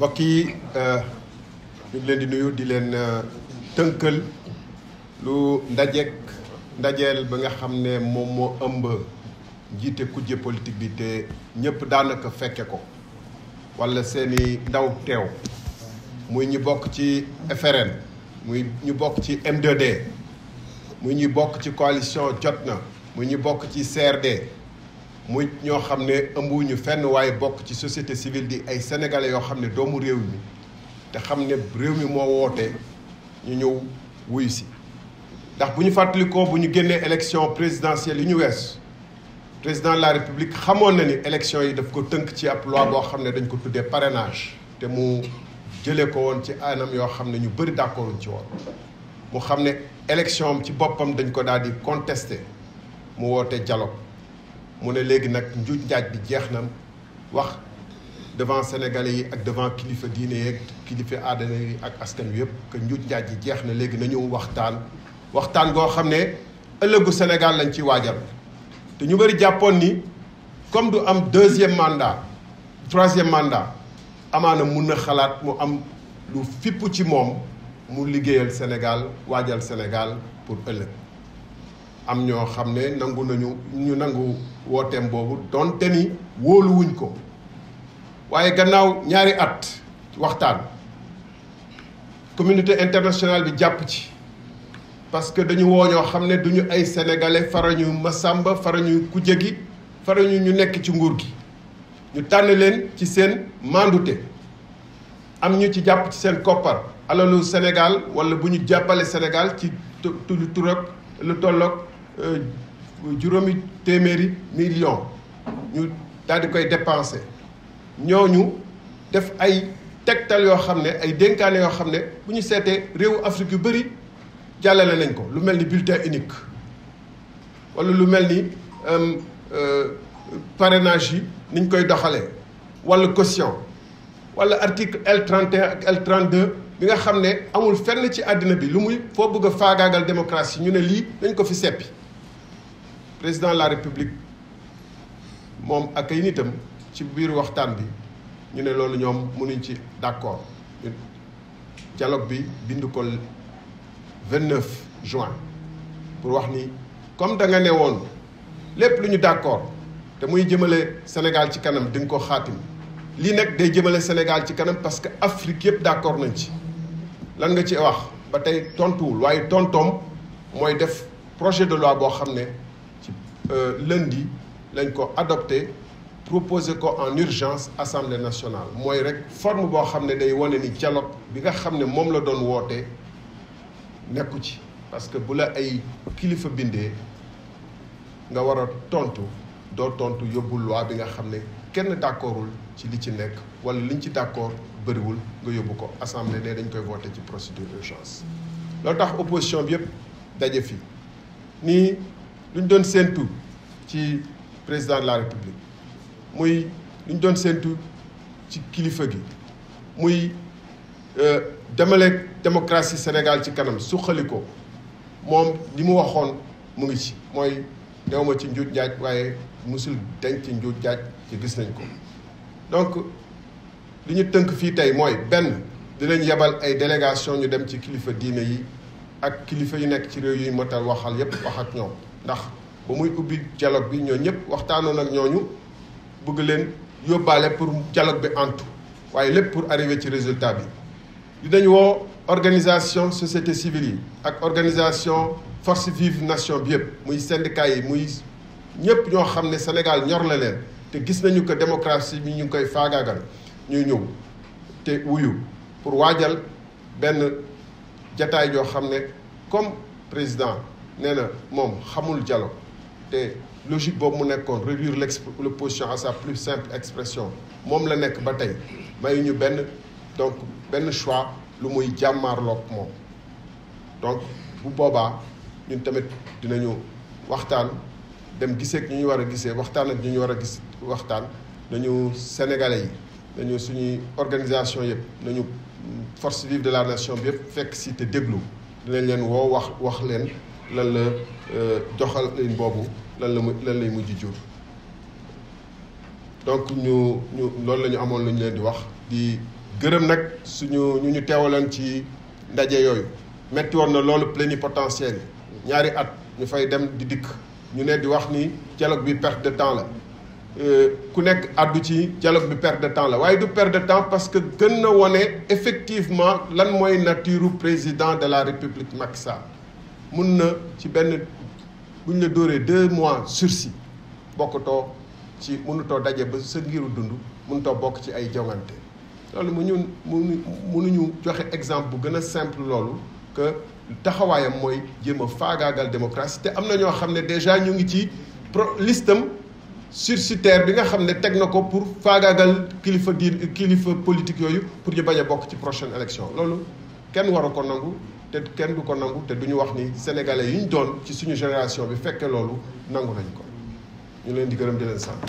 mbokk yi euh, ñu leen di nuyu di leen euh, tënkal lu ndajeek ndajeel ba nga xam ne moom moo ëmb jiite kujje politique bi te ñëpp daanaka fekke ko wala seeni ndaw teew muy ñu bokk ci FRN muy ñu bokk ci M2D muy ñu bokk ci coalition na muy ñu bokk ci CRD muy ñoo xam ne wuñu fenn waaye bokk ci société civile di ay sénégalais yoo xam ne doomu réew mi te xam ne réew mi moo wootee ñu ñëw wuyu si ndax bu ñu fàttalikoo bu ñu génnee élection présidentielle yi ñu wees président de la république xamoon na ni élection yi daf ko tënk ci ab loi boo xam ne dañ ko tuddee parrainage te mu jëlee ko woon ci anam yoo xam ne ñu bëri d'accorduñ ci woon mu xam ne élection ci boppam dañ ko daal di contesté mu woote dialogue mune ne nak njut njuuj bi jeex na wax devant sénégalais yi ak devant kilifa diine yeeg kilifa aadana yi ak askan wi yëpp que njuuj njaaj yi jeex na léegi nañu waxtaan waxtaan goo xam ne ëllëgu Sénégal lañ ci waajal te ñu bëri jàppoon ni comme du am deuxième mandat troisième mandat amaana mun na xalaat mu am lu fipp ci moom mu liggéeyal Sénégal waajal Sénégal pour ëllëg am ñoo xam ne nangu nañu ñu nangu wooteem boobu donte ni wóoluwuñ ko waaye gannaaw ñaari at waxtaan communité internationale bi jàpp ci parce que dañu woo ñoo xam ne duñu ay sénégalais farañu sàmba farañu kujje gi farañu ñu nekk ci nguur gi ñu tànn leen ci seen mandute am ñu ci jàpp ci seen koppar alalu Sénégal wala bu ñu jàppale Sénégal ci tu lu tollook Euh, juróomi téeméeri million ñu daal koy dépensé ñu def ay tegtal yoo xam ne ay dénkaane yoo xam ne bu ñu seetee réewu Afrique yu bëri jàllale nañ ko lu mel ni bulletin unique wala lu mel ni euh, euh, parrainage yi niñ koy doxalee wala caution wala article L31 ak L32 bi nga xam ne amul fenn ci àddina bi lu muy foo bëgg a faagaagal démocratie ñu ne lii dañ ko fi seppi président de la république mon ak nitam ci biir waxtan bi ñu ne lolu ñom mënu ci d'accord dialogue bi bind ko 29 juin pour wax ni comme da nga né won lepp lu ñu d'accord té muy jëmale Sénégal ci kanam di ko khatim li nak day jëmale Sénégal ci kanam parce que Afrique yépp d'accord nañ ci lan nga ci wax ba tay tontuwul waye tontom moy def projet de loi bo xamné euh, lundi lañ ko adopté proposé ko en urgence assemblée nationale moy rek forme bo xamné day woné ni dialogue bi nga xamné ne la doon parce que bu la ay kilifa nga tontu que tontu yobul loi bi nga xamné kenn d'accordul ci li ci wala d'accord nga ko assemblée dañ procédure d'urgence opposition bi yëpp dajé luñ ñu doon séentu ci président de la république muy luñ ñu doon séentu ci kilifa gi muy euh, demaleeg démocratie Sénégal ci kanam suqali ko moom li mu waxoon mu ngi ci mooy néew ma ci njuuj njaaj waaye musul denc ci njuuj njaaj ci gis nañ ko donc li ñu tënk fii tey mooy benn dinañ yebal ay délégation ñu dem ci kilifa diine yi ak kilifa yu nekk ci réew yuy motal waxal yépp wax ak ñoom ndax ba muy ubbi dialogue bi ñoo waxtaanoon pour dialogue bi pour arriver ci résultat bi organisation société civile et ak organisation force vive nation bi yëpp muy syndicat yi muy ñëpp ñoo xam Sénégal ñor la leen te gis nañu que démocratie ñu te pour comme président nee na xamul dialogue te logique boobu mu nekkoon réduire l'opposition à sa plus simple expression moom la ba ñu donc benn choix lu muy jàmmaarloog donc bu boobaa ñun tamit dinañu waxtaan dem war sénégalais organisation yëpp force vive de la nation Nous avons fekk si te lan la euh, doxal leen lan la lan lay donc nous ñu loolu la ñu amoon leen di wax di gërëm nag suñu ñu ñu ci ndaje yooyu metti Nous na loolu plénipotentiaire ñaari at ñu fay dem di ne di ni dialogue bi perte de temps la euh, ku nous ci dialogue bi de temps la du temps parce que gën effectivement lan président de la république Macky mun na ci benn bu ñu la dóoree deux mois sursis bokkutoo ci mënutoo daje ba sa ngiru dund mënutoo bokk ci ay jongante loolu mu ñun mënuñu joxe exemple bu gën a simple loolu que taxawaayam mooy jéem a faagaagal démocratie te am na ñoo xam ne déjà ñu ngi ci pro listam sursitaire bi nga xam ne teg na ko pour faagaagal kilifa diir kilifa politique yooyu pour ñu bañ a bokk ci prochaine élection loolu kenn waru ko nangu te kenn du ko nangu te du ñu wax ni sénégalais yi ñu doon ci suñu génération bi fekke loolu nangu nañ ko ñu leen di gërëm di leen sant